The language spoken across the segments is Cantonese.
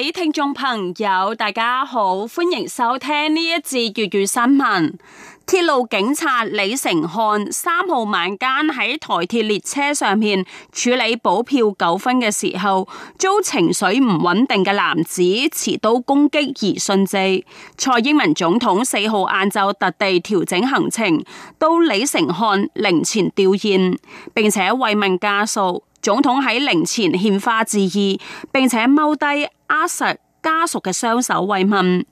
各位聽眾朋友，大家好，歡迎收聽呢一節粵語新聞。鐵路警察李成漢三號晚間喺台鐵列車上面處理補票糾紛嘅時候，遭情緒唔穩定嘅男子持刀攻擊而殉職。蔡英文總統四號晏晝特地調整行程，到李成漢靈前弔唁，並且慰問家屬。總統喺靈前獻花致意，並且踎低握住家屬嘅雙手慰問。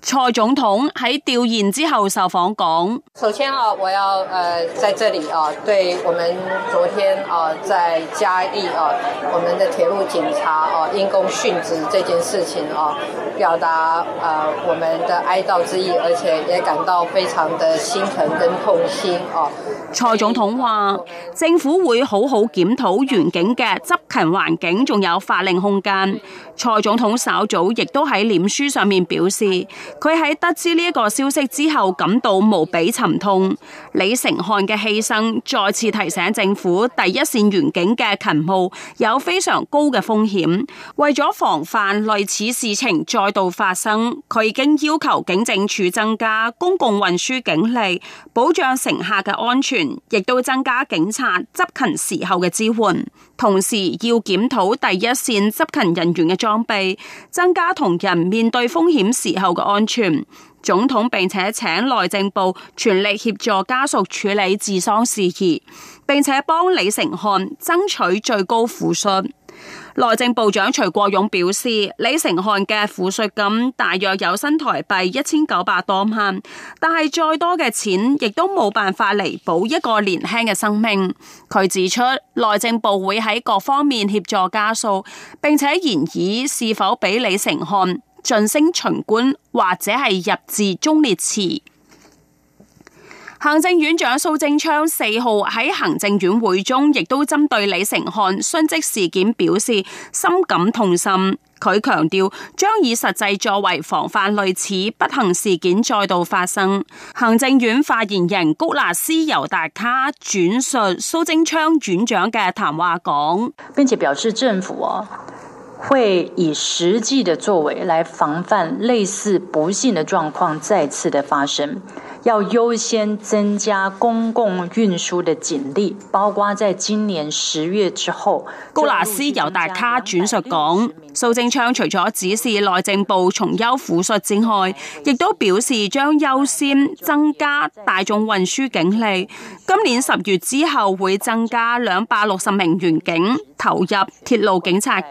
蔡總統喺調研之後受訪講：，首先啊，我要誒在這裡啊，對我們昨天啊在嘉義啊，我們的鐵路警察啊因公殉職這件事情啊，表達啊我們的哀悼之意，而且也感到非常的心疼跟痛心啊。蔡總統話：，政府會好好檢討員警嘅執勤環境，仲有法令空間。蔡總統稍早亦都喺臉書上面表示。佢喺得知呢一個消息之後，感到無比沉痛。李承翰嘅犧牲再次提醒政府，第一線員警嘅勤務有非常高嘅風險。為咗防範類似事情再度發生，佢已經要求警政署增加公共運輸警力，保障乘客嘅安全，亦都增加警察執勤時候嘅支援。同時要檢討第一線執勤人員嘅裝備，增加同人面對風險時候嘅安全。總統並且請內政部全力協助家屬處理治喪事宜，並且幫李承翰爭取最高撫恤。內政部長徐國勇表示，李承翰嘅撫恤金大約有新台幣一千九百多萬，但係再多嘅錢亦都冇辦法彌補一個年輕嘅生命。佢指出，內政部會喺各方面協助家屬，並且研議是否俾李承翰晉升巡官或者係入祀忠烈祠。行政院長蘇貞昌四號喺行政院會中，亦都針對李承翰殉職事件表示深感痛心。佢強調將以實際作為防範類似不幸事件再度發生。行政院發言人谷辣斯尤達卡轉述蘇貞昌院長嘅談話，講並且表示政府啊會以實際嘅作為來防範類似不幸嘅狀況再次嘅發生。要優先增加公共運輸的警力，包括在今年十月之後。高拿斯由大咖轉述講，蘇貞昌除咗指示內政部重優撫恤之外，亦都表示將優先增加大眾運輸警力，今年十月之後會增加兩百六十名員警。投入鐵路警察局，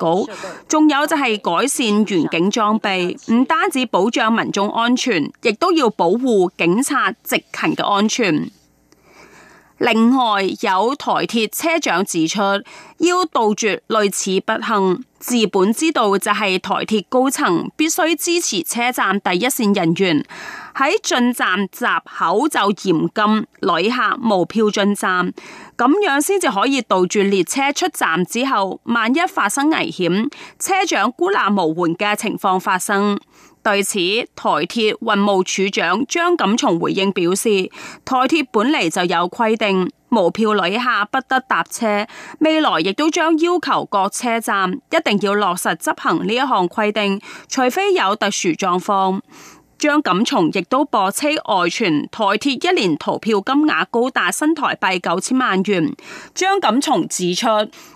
仲有就係改善員警裝備，唔單止保障民眾安全，亦都要保護警察執勤嘅安全。另外，有台鐵車長指出，要杜絕類似不幸，治本之道就係台鐵高層必須支持車站第一線人員，喺進站閘口就嚴禁旅客無票進站，咁樣先至可以杜絕列車出站之後萬一發生危險，車長孤立無援嘅情況發生。對此，台鐵運務處長張錦松回應表示，台鐵本嚟就有規定無票旅客不得搭車，未來亦都將要求各車站一定要落實執行呢一項規定，除非有特殊狀況。張錦松亦都駁車外傳台鐵一年逃票金額高達新台幣九千萬元。張錦松指出，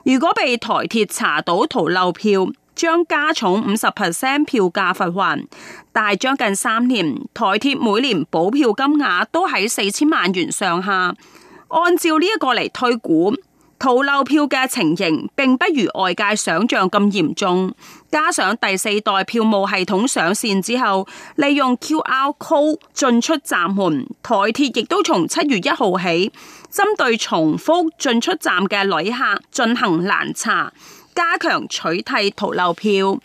如果被台鐵查到逃漏票，將加重五十 percent 票價罰鍰，但係將近三年，台鐵每年補票金額都喺四千萬元上下。按照呢一個嚟推估，逃漏票嘅情形，並不如外界想象咁嚴重。加上第四代票務系統上線之後，利用 QR code 進出站門，台鐵亦都從七月一號起，針對重複進出站嘅旅客進行攔查。加強取締逃漏票。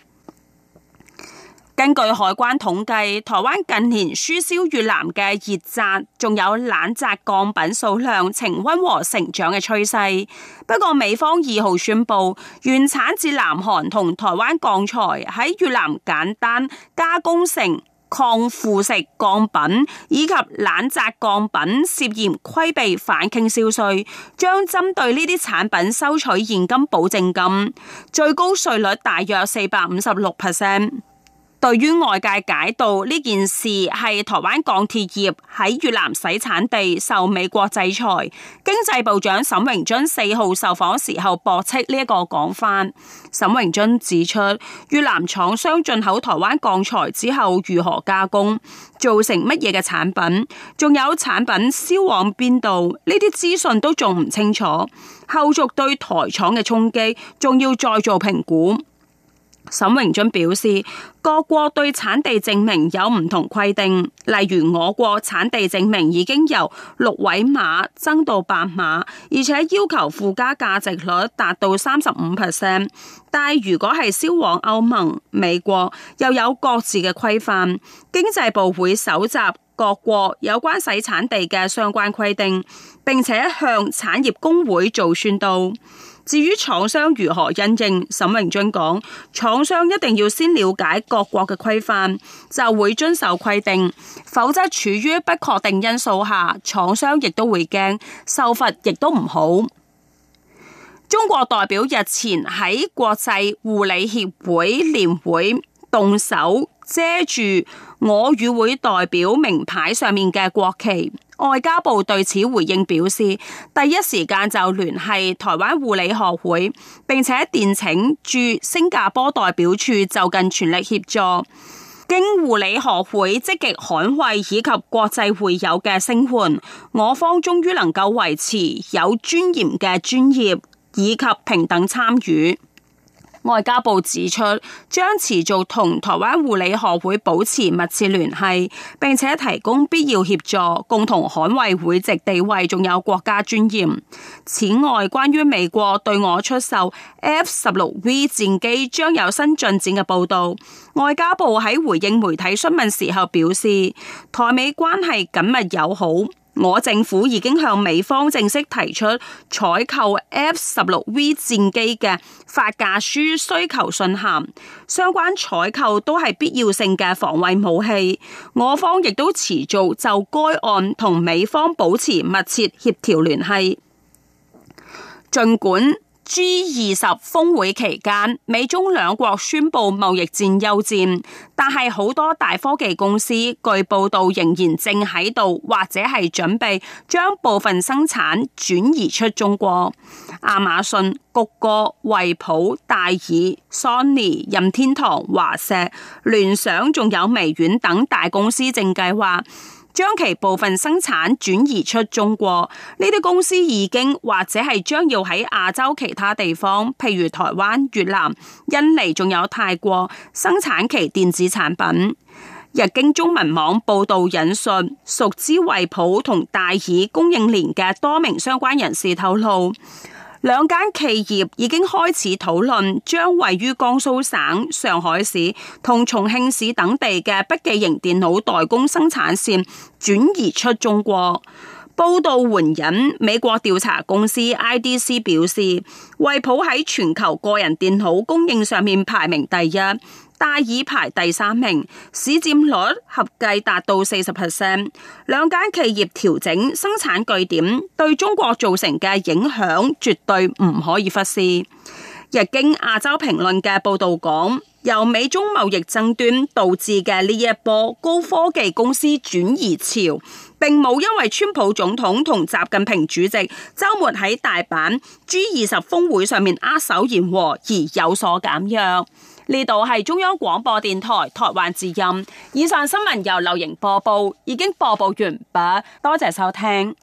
根據海關統計，台灣近年輸銷越南嘅熱軋仲有冷軋鋼品數量呈溫和成長嘅趨勢。不過美方二號宣布，原產自南韓同台灣鋼材喺越南簡單加工成。抗腐蝕鋼品以及冷軋鋼品涉嫌規避反傾銷稅，將針對呢啲產品收取現金保證金，最高稅率大約四百五十六%。對於外界解讀呢件事係台灣鋼鐵業喺越南洗產地受美國制裁，經濟部長沈榮津四號受訪時候駁斥呢一個講法。沈榮津指出，越南廠商進口台灣鋼材之後如何加工，造成乜嘢嘅產品，仲有產品銷往邊度，呢啲資訊都仲唔清楚，後續對台廠嘅衝擊仲要再做評估。沈榮津表示，各國對產地證明有唔同規定，例如我國產地證明已經由六位碼增到八碼，而且要求附加價值率達到三十五 percent。但係如果係銷往歐盟、美國，又有各自嘅規範。經濟部會搜集各國有關洗產地嘅相關規定，並且向產業工會做宣導。至於廠商如何因應，沈榮津講：廠商一定要先了解各國嘅規範，就會遵守規定；否則處於不確定因素下，廠商亦都會驚，受罰亦都唔好。中國代表日前喺國際護理協會年會動手遮住我與會代表名牌上面嘅國旗。外交部對此回應表示，第一時間就聯繫台灣護理學會，並且電請駐新加坡代表處就近全力協助。經護理學會積極捍衛以及國際會友嘅聲援，我方終於能夠維持有尊嚴嘅專業以及平等參與。外交部指出，將持續同台灣護理學會保持密切聯繫，並且提供必要協助，共同捍衛會籍地位，仲有國家尊嚴。此外，關於美國對我出售 F 十六 V 戰機將有新進展嘅報道，外交部喺回應媒體詢問時候表示，台美關係緊密友好。我政府已經向美方正式提出採購 F 十六 V 戰機嘅發價書、需求信函，相關採購都係必要性嘅防衛武器。我方亦都持續就該案同美方保持密切協調聯繫，盡管。G 二十峰會期間，美中兩國宣布貿易戰休戰，但係好多大科技公司據報道仍然正喺度或者係準備將部分生產轉移出中國。亞馬遜、谷歌、惠普、戴爾、Sony、任天堂、華碩、聯想，仲有微軟等大公司正計劃。將其部分生產轉移出中國，呢啲公司已經或者係將要喺亞洲其他地方，譬如台灣、越南、印尼，仲有泰國生產其電子產品。日經中文網報導引述，熟知惠普同戴爾供應鏈嘅多名相關人士透露。兩間企業已經開始討論將位於江蘇省、上海市同重慶市等地嘅筆記型電腦代工生產線轉移出中國。報道援引美國調查公司 IDC 表示，惠普喺全球個人電腦供應上面排名第一。戴爾排第三名，市占率合計達到四十 percent。兩間企業調整生產據點，對中國造成嘅影響絕對唔可以忽視。日經亞洲評論嘅報道講，由美中貿易爭端導致嘅呢一波高科技公司轉移潮，並冇因為川普總統同習近平主席周末喺大阪 G 二十峰會上面握手言和而有所減弱。呢度係中央廣播電台台灣之音。以上新聞由劉瑩播報，已經播報完畢。多謝收聽。